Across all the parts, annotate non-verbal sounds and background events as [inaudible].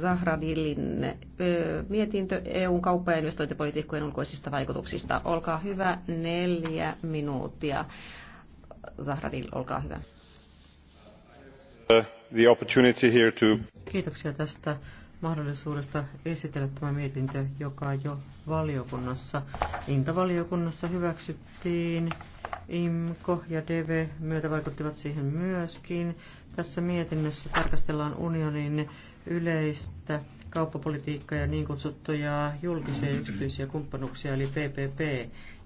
Zahradillin mietintö EUn kauppa- ja investointipolitiikkojen ulkoisista vaikutuksista. Olkaa hyvä, neljä minuuttia. Zahradil, olkaa hyvä. Uh, the opportunity here to... Kiitoksia tästä mahdollisuudesta esitellä tämä mietintö, joka jo valiokunnassa, intavaliokunnassa hyväksyttiin. IMKO ja DV myötä vaikuttivat siihen myöskin. Tässä mietinnössä tarkastellaan unionin yleistä kauppapolitiikkaa ja niin kutsuttuja julkisia yksityisiä kumppanuuksia, eli PPP,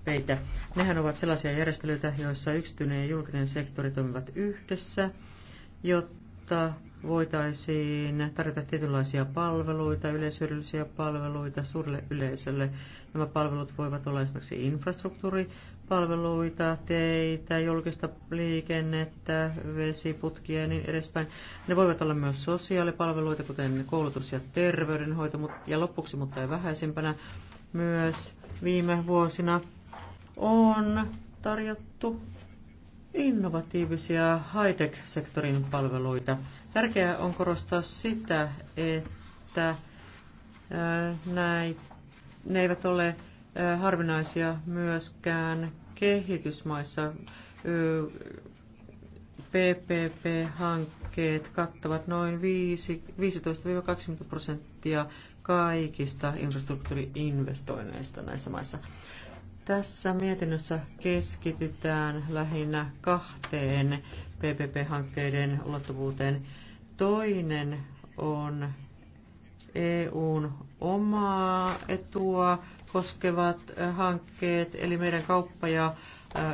peitä. Nehän ovat sellaisia järjestelyitä, joissa yksityinen ja julkinen sektori toimivat yhdessä, jotta voitaisiin tarjota tietynlaisia palveluita, yleishyödyllisiä palveluita suurelle yleisölle. Nämä palvelut voivat olla esimerkiksi infrastruktuuri, palveluita, teitä, julkista liikennettä, vesiputkia ja niin edespäin. Ne voivat olla myös sosiaalipalveluita, kuten koulutus ja terveydenhoito, ja lopuksi, mutta ei vähäisimpänä, myös viime vuosina on tarjottu innovatiivisia high-tech-sektorin palveluita. Tärkeää on korostaa sitä, että näitä ne eivät ole harvinaisia myöskään kehitysmaissa PPP-hankkeet kattavat noin 15-20 prosenttia kaikista infrastruktuuriinvestoinneista näissä maissa. Tässä mietinnössä keskitytään lähinnä kahteen PPP-hankkeiden ulottuvuuteen. Toinen on EUn omaa etua koskevat hankkeet, eli meidän kauppa- ja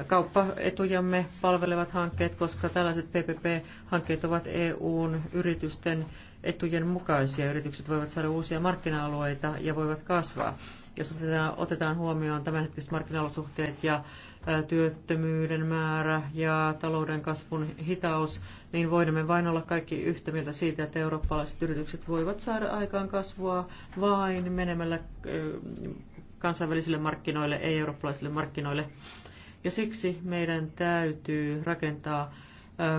kauppaetujamme palvelevat hankkeet, koska tällaiset PPP-hankkeet ovat EUn yritysten etujen mukaisia. Yritykset voivat saada uusia markkina-alueita ja voivat kasvaa. Jos otetaan huomioon tämänhetkiset markkinaolosuhteet ja työttömyyden määrä ja talouden kasvun hitaus, niin voimme vain olla kaikki yhtä mieltä siitä, että eurooppalaiset yritykset voivat saada aikaan kasvua vain menemällä kansainvälisille markkinoille, ei eurooppalaisille markkinoille. Ja siksi meidän täytyy rakentaa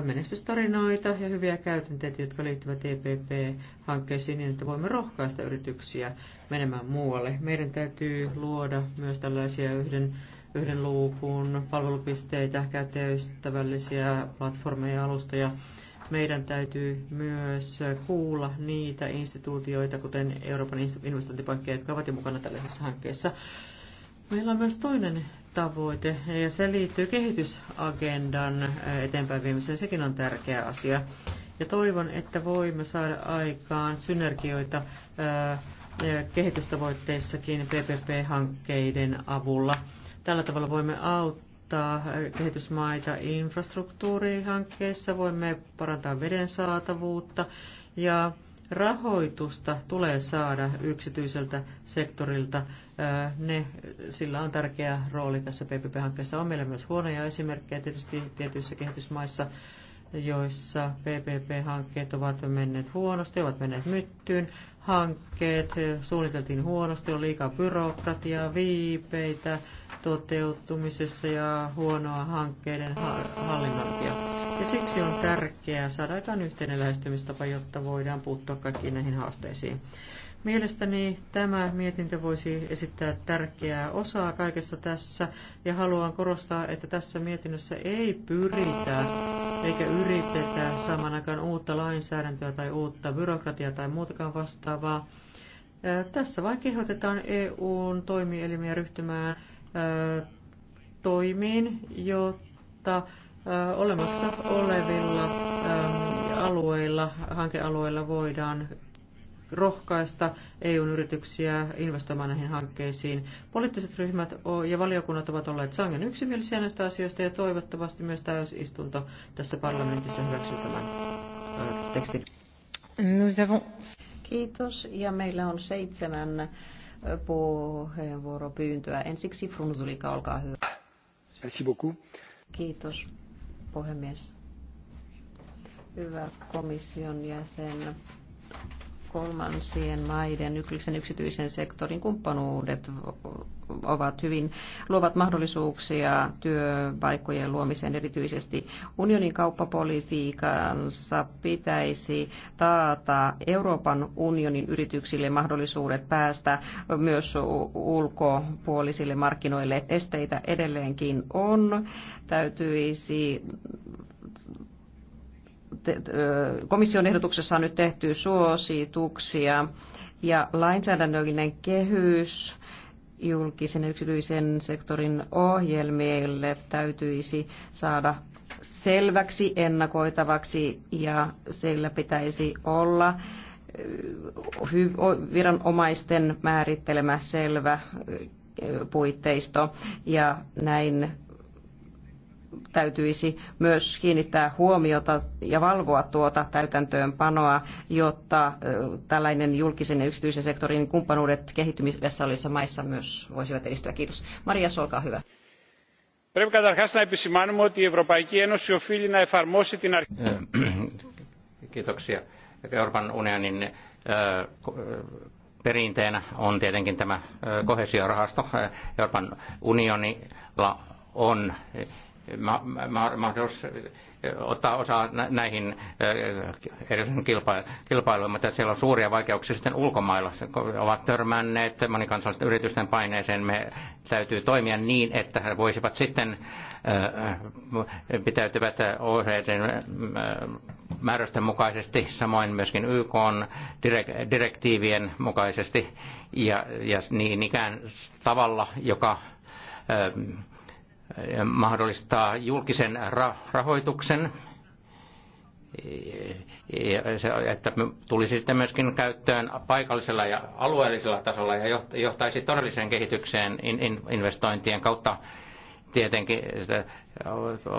menestystarinoita ja hyviä käytänteitä, jotka liittyvät TPP-hankkeisiin e niin, että voimme rohkaista yrityksiä menemään muualle. Meidän täytyy luoda myös tällaisia yhden, yhden luukun palvelupisteitä, käyttäjäystävällisiä platformeja ja alustoja, meidän täytyy myös kuulla niitä instituutioita, kuten Euroopan investointipankkeja, jotka ovat jo mukana tällaisessa hankkeessa. Meillä on myös toinen tavoite, ja se liittyy kehitysagendan äh, eteenpäin viemiseen. Sekin on tärkeä asia. Ja toivon, että voimme saada aikaan synergioita äh, kehitystavoitteissakin PPP-hankkeiden avulla. Tällä tavalla voimme auttaa auttaa kehitysmaita infrastruktuurihankkeissa, voimme parantaa veden saatavuutta ja rahoitusta tulee saada yksityiseltä sektorilta. Äh, ne, sillä on tärkeä rooli tässä PPP-hankkeessa. On meillä myös huonoja esimerkkejä tietysti tietyissä kehitysmaissa, joissa PPP-hankkeet ovat menneet huonosti, ovat menneet myttyyn. Hankkeet eh, suunniteltiin huonosti, on liikaa byrokratiaa, viipeitä toteutumisessa ja huonoa hankkeiden hallinnointia. Ja siksi on tärkeää saada aikaan yhteinen lähestymistapa, jotta voidaan puuttua kaikkiin näihin haasteisiin. Mielestäni tämä mietintö voisi esittää tärkeää osaa kaikessa tässä ja haluan korostaa, että tässä mietinnössä ei pyritä eikä yritetä saman aikaan uutta lainsäädäntöä tai uutta byrokratiaa tai muutakaan vastaavaa. Tässä vain kehotetaan EUn toimielimiä ryhtymään toimiin, jotta olemassa olevilla alueilla, hankealueilla voidaan rohkaista EUn yrityksiä investoimaan näihin hankkeisiin. Poliittiset ryhmät ja valiokunnat ovat olleet sangen yksimielisiä näistä asioista ja toivottavasti myös täysistunto tässä parlamentissa hyväksyy tämän tekstin. Kiitos. Ja meillä on seitsemän puheenvuoropyyntöä. Ensiksi Frunzulika, olkaa hyvä. Merci beaucoup. Kiitos, puhemies. Hyvä komission jäsen kolmansien maiden yksityisen, yksityisen sektorin kumppanuudet ovat hyvin, luovat mahdollisuuksia työpaikkojen luomiseen erityisesti. Unionin kauppapolitiikansa pitäisi taata Euroopan unionin yrityksille mahdollisuudet päästä myös ulkopuolisille markkinoille. Esteitä edelleenkin on. Täytyisi komission ehdotuksessa on nyt tehty suosituksia ja lainsäädännöllinen kehys julkisen ja yksityisen sektorin ohjelmille täytyisi saada selväksi, ennakoitavaksi ja sillä pitäisi olla viranomaisten määrittelemä selvä puitteisto ja näin täytyisi myös kiinnittää huomiota ja valvoa tuota täytäntöönpanoa, jotta tällainen julkisen ja yksityisen sektorin kumppanuudet kehittymisessä olevissa maissa myös voisivat edistyä. Kiitos. Maria, olkaa hyvä. Kiitoksia. Euroopan unionin perinteenä on tietenkin tämä kohesiorahasto. Euroopan unionilla on mahdollisuus ottaa osaa näihin erilaisiin kilpailuihin, mutta siellä on suuria vaikeuksia sitten ulkomailla. Ovat törmänneet monikansallisten yritysten paineeseen. Me täytyy toimia niin, että he voisivat sitten pitäytyvät ohjeiden määräysten mukaisesti, samoin myöskin YK direktiivien mukaisesti ja, ja niin ikään tavalla, joka mahdollistaa julkisen rahoituksen, että tulisi sitten myöskin käyttöön paikallisella ja alueellisella tasolla ja johtaisi todelliseen kehitykseen investointien kautta tietenkin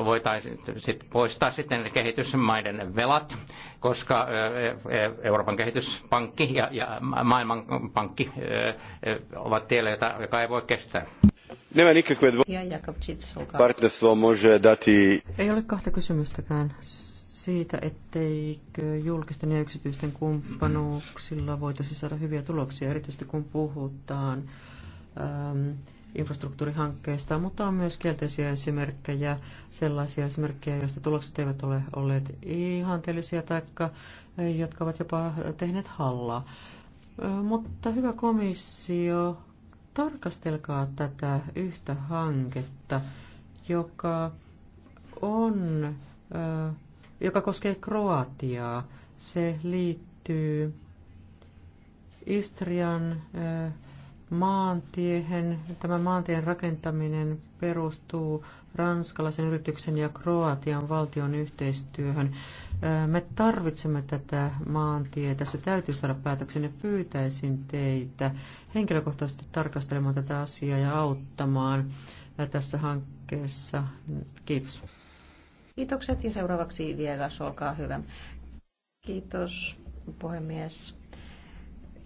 voitaisiin poistaa sitten kehitysmaiden velat, koska Euroopan kehityspankki ja, Maailmanpankki ovat tiellä, joka ei voi kestää. Nema nikakve dvojbe. Partnerstvo može dati... Ei ole kahta kysymystäkään siitä, etteikö julkisten ja yksityisten kumppanuuksilla voitaisiin saada hyviä tuloksia, erityisesti kun puhutaan ähm, infrastruktuurihankkeista, mutta on myös kielteisiä esimerkkejä, sellaisia esimerkkejä, joista tulokset eivät ole olleet ihanteellisia tai äh, jotka ovat jopa tehneet hallaa. Äh, mutta hyvä komissio, Tarkastelkaa tätä yhtä hanketta, joka on, joka koskee Kroatiaa. Se liittyy Istrian maantiehen. Tämä maantien rakentaminen perustuu ranskalaisen yrityksen ja Kroatian valtion yhteistyöhön. Me tarvitsemme tätä maantietä, se täytyy saada päätöksen ja pyytäisin teitä henkilökohtaisesti tarkastelemaan tätä asiaa ja auttamaan tässä hankkeessa. Kiitos. Kiitokset ja seuraavaksi Viegas, olkaa hyvä. Kiitos puhemies.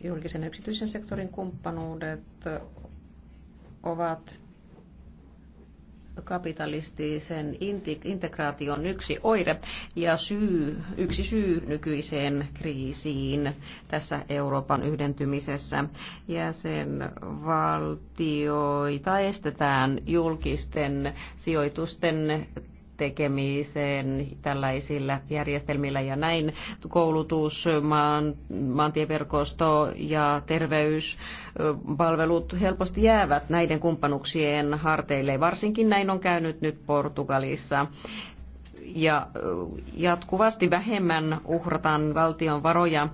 Julkisen ja yksityisen sektorin kumppanuudet ovat kapitalistisen integraation yksi oire ja syy, yksi syy nykyiseen kriisiin tässä Euroopan yhdentymisessä. Jäsenvaltioita estetään julkisten sijoitusten tekemiseen tällaisilla järjestelmillä ja näin koulutus, maan, maantieverkosto ja terveyspalvelut helposti jäävät näiden kumppanuksien harteille. Varsinkin näin on käynyt nyt Portugalissa ja jatkuvasti vähemmän uhrataan valtion varoja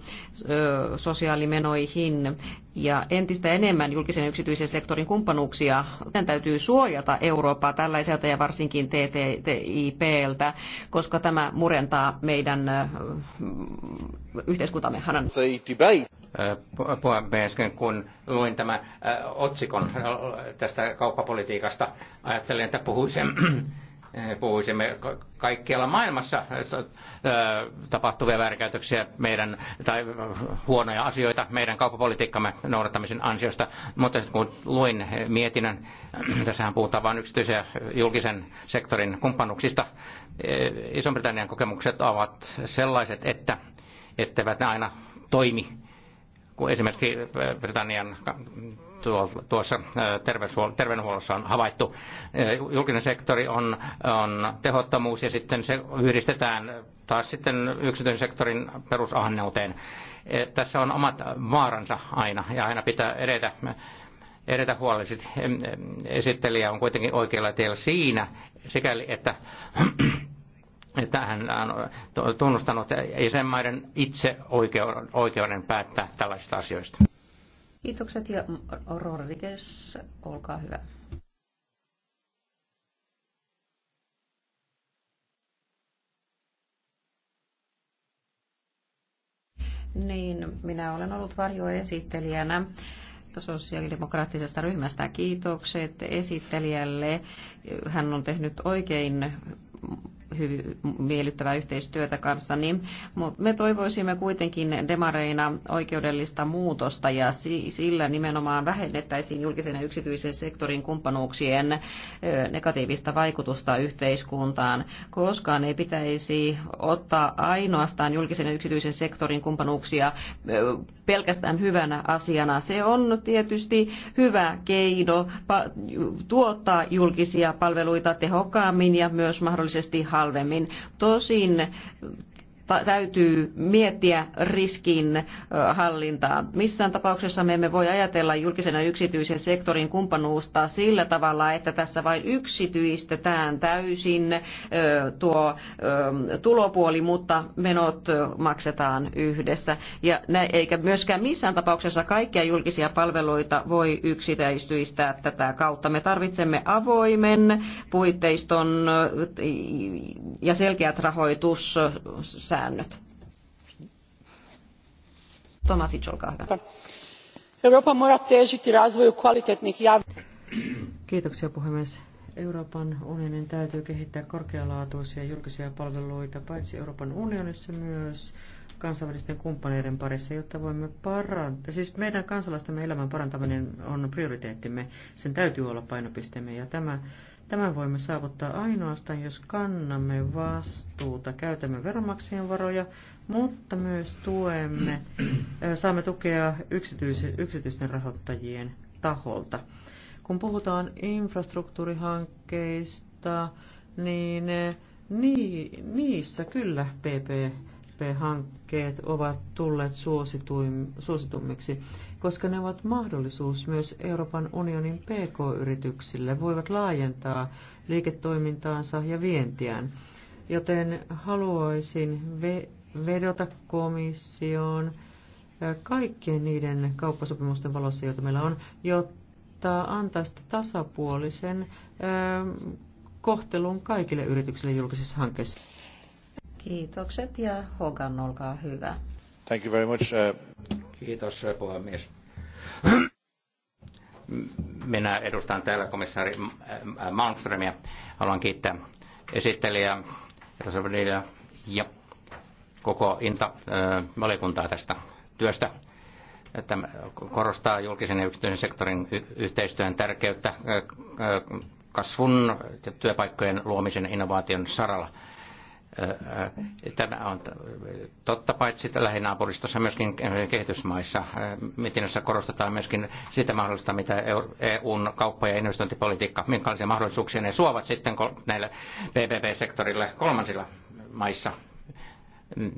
sosiaalimenoihin ja entistä enemmän julkisen ja yksityisen sektorin kumppanuuksia. Meidän täytyy suojata Eurooppaa tällaiselta ja varsinkin TTIPltä, koska tämä murentaa meidän yhteiskuntamme. Hanan. Puhemies, kun luin tämän otsikon tästä kauppapolitiikasta, ajattelin, että puhuisin puhuisimme kaikkialla maailmassa äh, äh, tapahtuvia väärinkäytöksiä meidän, tai äh, huonoja asioita meidän kauppapolitiikkamme noudattamisen ansiosta. Mutta kun luin mietinnän, tässähän puhutaan vain yksityisen ja julkisen sektorin kumppanuksista, Iso-Britannian kokemukset ovat sellaiset, että etteivät ne aina toimi kun esimerkiksi Britannian tuossa terveydenhuollossa on havaittu. Julkinen sektori on, on tehottomuus ja sitten se yhdistetään taas sitten yksityisen sektorin perusahneuteen. E, tässä on omat vaaransa aina ja aina pitää edetä edetä huolellisesti. Esittelijä on kuitenkin oikealla tiellä siinä, sikäli että [clears throat] että hän on tunnustanut jäsenmaiden itse oikeuden päättää tällaisista asioista. Kiitokset ja Rodriguez, olkaa hyvä. Niin, minä olen ollut varjoesittelijänä sosiaalidemokraattisesta ryhmästä. Kiitokset esittelijälle. Hän on tehnyt oikein hyvin miellyttävää yhteistyötä kanssa, niin me toivoisimme kuitenkin demareina oikeudellista muutosta ja sillä nimenomaan vähennettäisiin julkisen ja yksityisen sektorin kumppanuuksien negatiivista vaikutusta yhteiskuntaan. Koskaan ei pitäisi ottaa ainoastaan julkisen ja yksityisen sektorin kumppanuuksia pelkästään hyvänä asiana. Se on tietysti hyvä keino tuottaa julkisia palveluita tehokkaammin ja myös mahdollisesti halvemmin halvemmin. Tosin täytyy miettiä riskin hallintaa. Missään tapauksessa me emme voi ajatella julkisen ja yksityisen sektorin kumppanuusta sillä tavalla, että tässä vain yksityistetään täysin tuo tulopuoli, mutta menot maksetaan yhdessä. Ja nä, eikä myöskään missään tapauksessa kaikkia julkisia palveluita voi yksityistyistää tätä kautta. Me tarvitsemme avoimen puitteiston ja selkeät rahoitus säännöt. Tomasic, olkaa hyvä. Euroopan mora težiti kvalitetnih Kiitoksia puhemies. Euroopan unionin täytyy kehittää korkealaatuisia julkisia palveluita paitsi Euroopan unionissa myös kansainvälisten kumppaneiden parissa, jotta voimme parantaa. Siis meidän kansalaistemme elämän parantaminen on prioriteettimme, sen täytyy olla painopisteemme ja tämä Tämän voimme saavuttaa ainoastaan, jos kannamme vastuuta, käytämme veronmaksajien varoja, mutta myös tuemme, saamme tukea yksityisten rahoittajien taholta. Kun puhutaan infrastruktuurihankkeista, niin niissä kyllä PP PPP-hankkeet ovat tulleet suositummiksi, koska ne ovat mahdollisuus myös Euroopan unionin PK-yrityksille, voivat laajentaa liiketoimintaansa ja vientiään. Joten haluaisin vedota komissioon kaikkien niiden kauppasopimusten valossa, joita meillä on, jotta antaisi tasapuolisen kohtelun kaikille yrityksille julkisissa hankkeissa. Kiitokset ja Hogan, olkaa hyvä. Thank you very much. Uh, Kiitos uh, puhemies. Minä edustan täällä komissaari Malmströmiä. Haluan kiittää esittelijää, Rosavodilia ja koko INTA-valikuntaa uh, tästä työstä. Että korostaa julkisen ja yksityisen sektorin yhteistyön tärkeyttä kasvun ja työpaikkojen luomisen innovaation saralla Tämä on totta paitsi lähinaapuristossa myöskin kehitysmaissa. Mietinnössä korostetaan myöskin sitä mahdollista, mitä EUn e kauppa- ja investointipolitiikka, minkälaisia mahdollisuuksia ne suovat sitten näille PPP-sektorille kolmansilla maissa.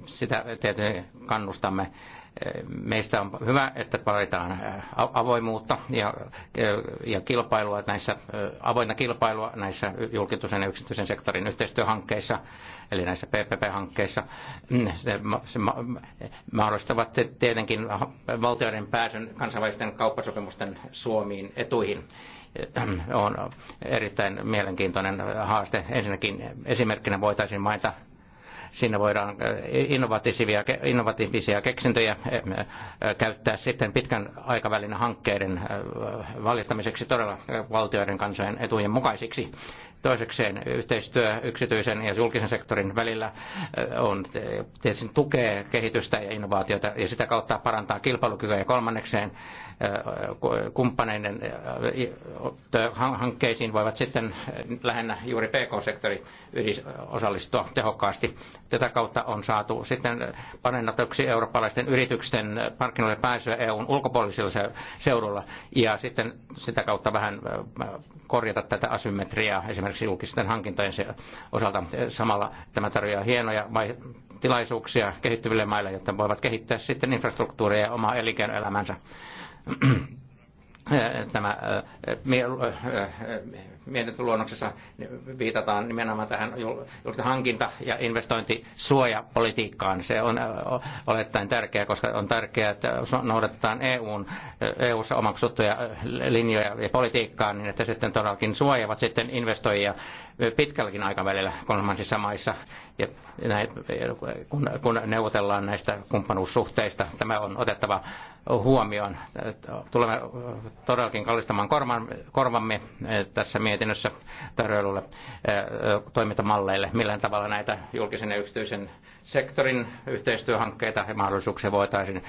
Sitä tietysti kannustamme Meistä on hyvä, että valitaan avoimuutta ja, ja kilpailua näissä, avointa kilpailua näissä julkisen ja yksityisen sektorin yhteistyöhankkeissa, eli näissä PPP-hankkeissa. Mm, se, se mahdollistavat tietenkin valtioiden pääsyn kansainvälisten kauppasopimusten Suomiin etuihin on erittäin mielenkiintoinen haaste. Ensinnäkin esimerkkinä voitaisiin mainita Siinä voidaan eh, innovatiivisia, innovatiivisia keksintöjä eh, eh, käyttää sitten pitkän aikavälin hankkeiden valistamiseksi todella valtioiden kansojen etujen mukaisiksi. Toisekseen yhteistyö yksityisen ja julkisen sektorin välillä on, tietysti tukee kehitystä ja innovaatiota ja sitä kautta parantaa kilpailukykyä. Ja kolmannekseen kumppaneiden hankkeisiin voivat sitten lähinnä juuri PK-sektori osallistua tehokkaasti. Tätä kautta on saatu sitten panennatuksi eurooppalaisten yritysten markkinoille pääsyä EUn ulkopuolisilla seudulla ja sitten sitä kautta vähän äh, korjata tätä asymmetriaa esimerkiksi julkisten hankintojen osalta. Samalla tämä tarjoaa hienoja tilaisuuksia kehittyville maille, jotta voivat kehittää sitten infrastruktuuria ja omaa elinkeinoelämänsä Äh, tämä äh, äh, mietintöluonnoksessa viitataan nimenomaan tähän julkisen hankinta- ja investointisuojapolitiikkaan. Se on olettaen tärkeää, koska on tärkeää, että noudatetaan EUn, EU-ssa omaksuttuja linjoja ja politiikkaa, niin että sitten todellakin suojavat sitten investoijia pitkälläkin aikavälillä kolmansissa maissa, ja näin, kun, kun neuvotellaan näistä kumppanuussuhteista. Tämä on otettava huomioon. Tulemme todellakin kallistamaan korvamme tässä mietinnössä tarjoilulle toimintamalleille, millä tavalla näitä julkisen ja yksityisen sektorin yhteistyöhankkeita ja mahdollisuuksia voitaisiin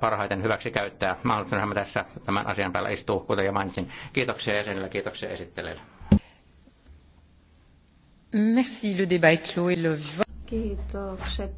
parhaiten hyväksi käyttää. Mahdollisuudenhan tässä tämän asian päällä istuu, kuten jo mainitsin. Kiitoksia jäsenille, kiitoksia esittelijälle. Merci, le débat est clos et le... Kiitokset.